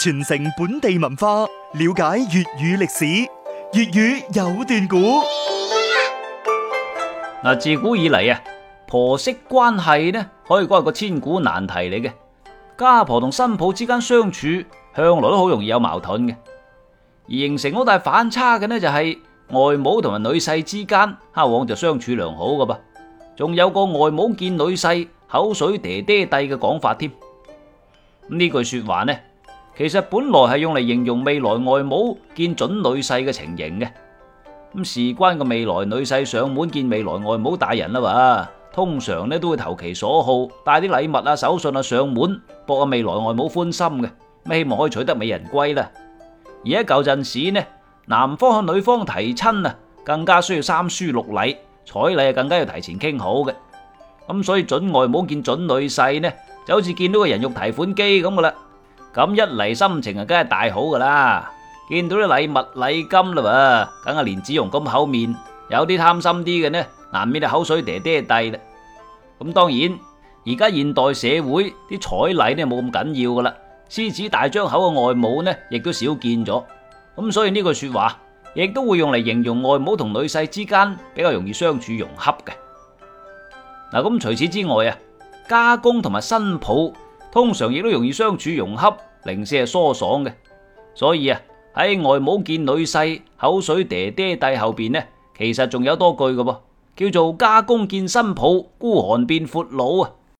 傳承本地文化，了解粵語歷史，粵語有段古嗱。自古以嚟啊，婆媳關係咧，可以講係個千古難題嚟嘅。家婆同新抱之間相處，向來都好容易有矛盾嘅。而形成好大反差嘅、就、呢、是，就係外母同埋女婿之間，哈往，往就相處良好噶噃。仲有個外母見女婿口水嗲嗲渧嘅講法添。呢句說話呢。其實本來係用嚟形容未來外母見準女婿嘅情形嘅。咁、嗯、事關個未來女婿上門見未來外母大人啦，哇！通常呢都會投其所好，帶啲禮物啊、手信啊上門，博個未來外母歡心嘅。咁希望可以娶得美人歸啦。而喺舊陣時呢，男方向女方提親啊，更加需要三書六禮，彩禮啊更加要提前傾好嘅。咁、嗯、所以準外母見準女婿呢，就好似見到個人肉提款機咁噶啦。咁一嚟心情啊，梗係大好噶啦！見到啲禮物禮金啦，梗係連子容咁口面，有啲貪心啲嘅呢，難免就口水嗲嗲渧啦。咁當然，而家現代社會啲彩禮呢冇咁緊要噶啦，獅子大張口嘅外母呢，亦都少見咗。咁所以呢句說話，亦都會用嚟形容外母同女婿之間比較容易相處融洽嘅。嗱，咁除此之外啊，家公同埋新抱通常亦都容易相處融洽。零舍係疏爽嘅，所以啊，喺外母見女婿，口水嗲嗲渧後邊呢，其實仲有多句嘅噃，叫做家公見新抱，孤寒變闊佬啊！